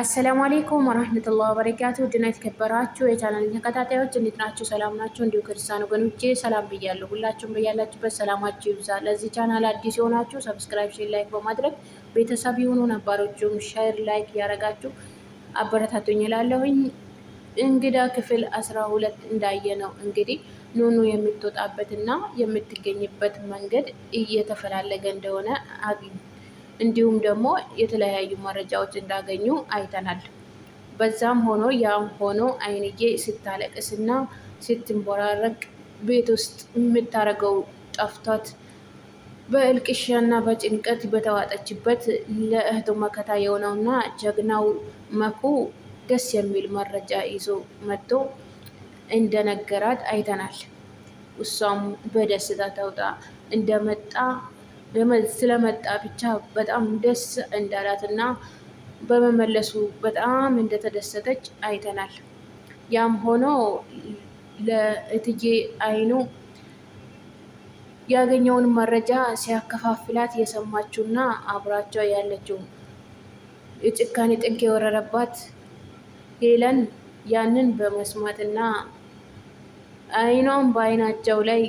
አሰላሙ አሌይኩም ወራህመቱላሂ ወበረካቱሁ ድና የተከበራችሁ የቻናል ተከታታዮች እንዴት ናችሁ? ሰላም ናችሁ? እንዲሁ ክርስቲያን ወገኖቼ ሰላም ብያለሁ። ሁላችሁም በያላችሁበት ሰላማችሁ ይብዛ። ለዚህ ቻናል አዲስ የሆናችሁ ሰብስክራይብ፣ ሼር፣ ላይክ በማድረግ ቤተሰብ የሆኑ ነባሮቹም ሼር ላይክ እያደረጋችሁ አበረታቱኝ እላለሁኝ። እንግዳ ክፍል አስራ ሁለት እንዳየ ነው እንግዲህ ኑኑ የምትወጣበትና የምትገኝበት መንገድ እየተፈላለገ እንደሆነ አግኝ እንዲሁም ደግሞ የተለያዩ መረጃዎች እንዳገኙ አይተናል። በዛም ሆኖ ያም ሆኖ አይንዬ ስታለቅስና ስትንቦራረቅ ቤት ውስጥ የምታደርገው ጠፍቷት በእልቅሻና በጭንቀት በተዋጠችበት ለእህቱ መከታ የሆነውና ጀግናው መኩ ደስ የሚል መረጃ ይዞ መጥቶ እንደነገራት አይተናል። እሷም በደስታ ተውጣ እንደመጣ ስለመጣ ብቻ በጣም ደስ እንዳላት እና በመመለሱ በጣም እንደተደሰተች አይተናል። ያም ሆኖ ለእትዬ አይኑ ያገኘውን መረጃ ሲያከፋፍላት የሰማችውና አብራቸው ያለችው የጭካኔ ጥግ የወረረባት ሄለን ያንን በመስማትና አይኗን በአይናቸው ላይ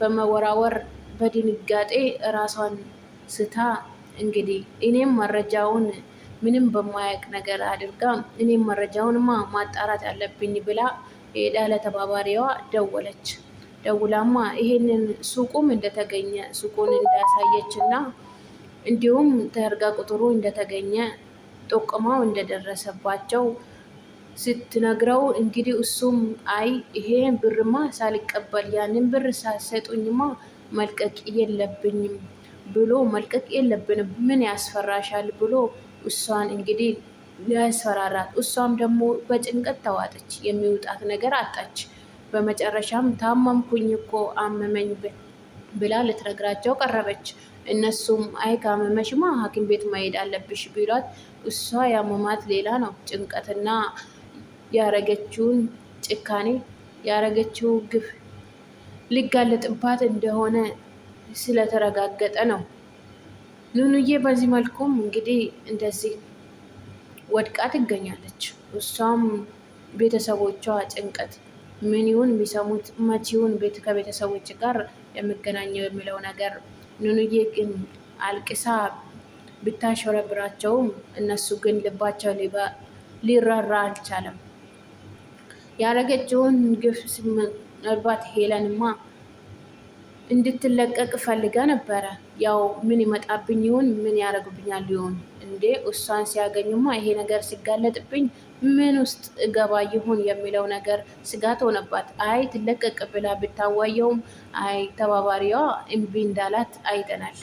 በመወራወር በድንጋጤ ራሷን ስታ እንግዲህ እኔም መረጃውን ምንም በማያውቅ ነገር አድርጋ እኔም መረጃውንማ ማጣራት አለብኝ ብላ ሄዳ ለተባባሪዋ ደወለች። ደውላማ ይሄንን ሱቁም እንደተገኘ ሱቁን እንዳሳየች እና እንዲሁም ተርጋ ቁጥሩ እንደተገኘ ጠቁማው እንደደረሰባቸው ስትነግረው እንግዲህ እሱም አይ ይሄ ብርማ ሳልቀበል ያንን ብር ሳሰጡኝማ መልቀቅ የለብኝም ብሎ መልቀቅ የለብንም ምን ያስፈራሻል ብሎ እሷን እንግዲህ ያስፈራራት። እሷም ደግሞ በጭንቀት ተዋጠች፣ የሚውጣት ነገር አጣች። በመጨረሻም ታመምኩኝ እኮ አመመኝ ብላ ልትነግራቸው ቀረበች። እነሱም አይ ካመመሽማ ሐኪም ቤት መሄድ አለብሽ ቢሏት እሷ ያመማት ሌላ ነው፣ ጭንቀትና ያረገችውን ጭካኔ ያረገችው ግፍ ሊጋለጥባት እንደሆነ ስለተረጋገጠ ነው። ኑኑዬ በዚህ መልኩም እንግዲህ እንደዚህ ወድቃ ትገኛለች። እሷም ቤተሰቦቿ ጭንቀት ምን ይሁን የሚሰሙት መቼውን ቤት ከቤተሰቦች ጋር የምገናኘው የሚለው ነገር ኑኑዬ ግን አልቅሳ ብታሸረብራቸውም እነሱ ግን ልባቸው ሊራራ አልቻለም። ያረገችውን ግፍ ምናልባት ሄለንማ እንድትለቀቅ ፈልጋ ነበረ። ያው ምን ይመጣብኝ ይሆን ምን ያደርግብኛል ይሆን እንዴ እሷን ሲያገኝማ ይሄ ነገር ሲጋለጥብኝ ምን ውስጥ እገባ ይሆን የሚለው ነገር ስጋት ሆነባት። አይ ትለቀቅ ብላ ብታዋየውም አይ ተባባሪዋ እምቢ እንዳላት አይተናል።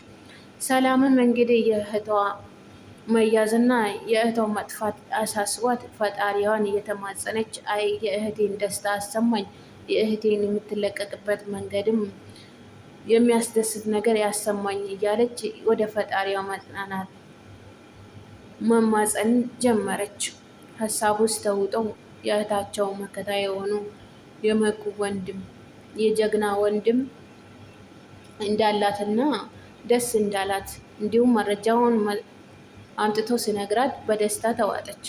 ሰላምም እንግዲህ የእህቷ መያዝና የእህቷ መጥፋት አሳስቧት ፈጣሪዋን እየተማጸነች አይ የእህቴን ደስታ አሰማኝ የእህቴን የምትለቀቅበት መንገድም የሚያስደስት ነገር ያሰማኝ እያለች ወደ ፈጣሪዋ መጽናናት መማፀን ጀመረች። ሀሳብ ውስጥ ተውጠው የእህታቸው መከታ የሆኑ የመኩ ወንድም የጀግና ወንድም እንዳላትና ደስ እንዳላት እንዲሁም መረጃውን አምጥቶ ሲነግራት በደስታ ተዋጠች።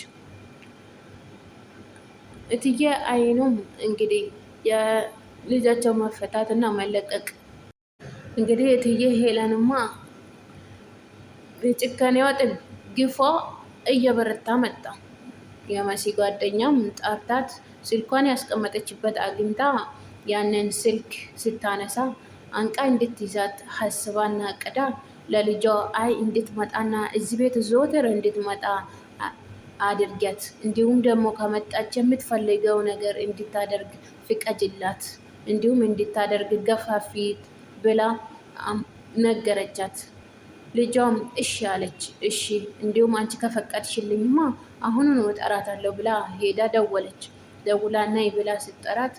እትዬ አይኑም እንግዲህ የልጃቸው መፈታት እና መለቀቅ እንግዲህ የትዬ ሄለንማ የጭካኔዋ ግፏ እየበረታ መጣ። የመሲ ጓደኛም ጠርታት ስልኳን ያስቀመጠችበት አግኝታ ያንን ስልክ ስታነሳ አንቃ እንድትይዛት ሀስባና ቅዳ ለልጇ አይ እንድትመጣና እዚ ቤት ዘወትር እንድትመጣ አድርጊያት፣ እንዲሁም ደግሞ ከመጣች የምትፈልገው ነገር እንድታደርግ ፍቀጅላት እንዲሁም እንድታደርግ ገፋፊት ብላ ነገረቻት። ልጇም እሺ አለች። እሺ እንዲሁም አንቺ ከፈቀድሽልኝማ አሁኑን እጠራታለሁ ብላ ሄዳ ደወለች። ደውላ ነይ ብላ ስጠራት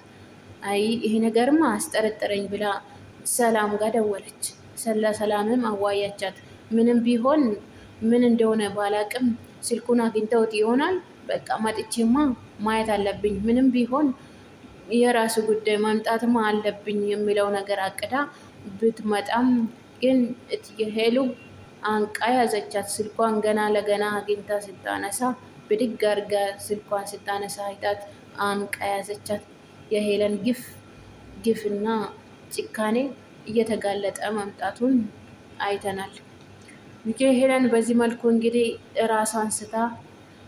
አይ ይሄ ነገርማ አስጠረጠረኝ ብላ ሰላም ጋር ደወለች። ስለ ሰላምም አዋያቻት። ምንም ቢሆን ምን እንደሆነ ባላቅም ስልኩን አግኝተውት ይሆናል። በቃ መጥቼማ ማየት አለብኝ ምንም ቢሆን የራሱ ጉዳይ መምጣትም አለብኝ የሚለው ነገር አቅዳ ብትመጣም ግን እትየሄሉ አንቃ ያዘቻት። ስልኳን ገና ለገና አግኝታ ስታነሳ ብድግ አርጋ ስልኳን ስታነሳ አይታት አንቃ ያዘቻት። የሄለን ግፍ ግፍና ጭካኔ እየተጋለጠ መምጣቱን አይተናል። ሄለን በዚህ መልኩ እንግዲህ ራሷን ስታ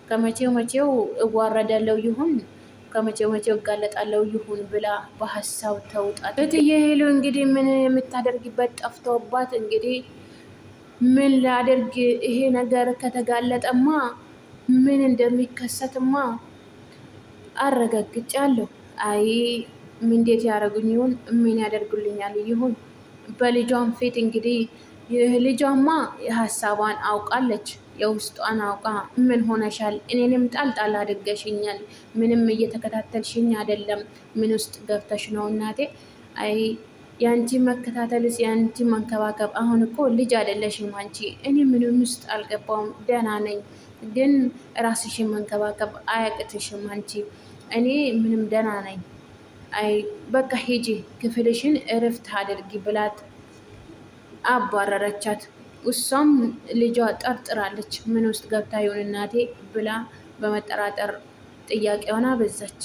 ከመቼው መቼው እዋረዳለው ይሁን ከመቼ መቼ እጋለጣለሁ ይሁን ብላ በሀሳብ ተውጣት። እትዬ ሄሉ እንግዲህ ምን የምታደርግበት ጠፍቶባት እንግዲህ ምን ላደርግ ይሄ ነገር ከተጋለጠማ ምን እንደሚከሰትማ አረጋግጫለሁ። አይ እንዴት ያደረጉኝ ይሁን ምን ያደርጉልኛል ይሁን በልጇን ፊት እንግዲህ ልጇማ የሀሳቧን አውቃለች። የውስጧን አውቃ ምን ሆነሻል? እኔንም ጣልጣል አድርገሽኛል። ምንም እየተከታተልሽኝ አይደለም። ምን ውስጥ ገብተሽ ነው እናቴ? አይ የአንቺ መከታተልስ የአንቺ መንከባከብ፣ አሁን እኮ ልጅ አይደለሽም አንቺ። እኔ ምንም ውስጥ አልገባውም፣ ደህና ነኝ። ግን ራስሽን መንከባከብ አያቅትሽም አንቺ። እኔ ምንም ደህና ነኝ። አይ በቃ ሂጂ ክፍልሽን እርፍት አድርጊ ብላት አባረረቻት። እሷም ልጇ ጠርጥራለች ምን ውስጥ ገብታ ይሆን እናቴ ብላ በመጠራጠር ጥያቄ ሆና በዛች።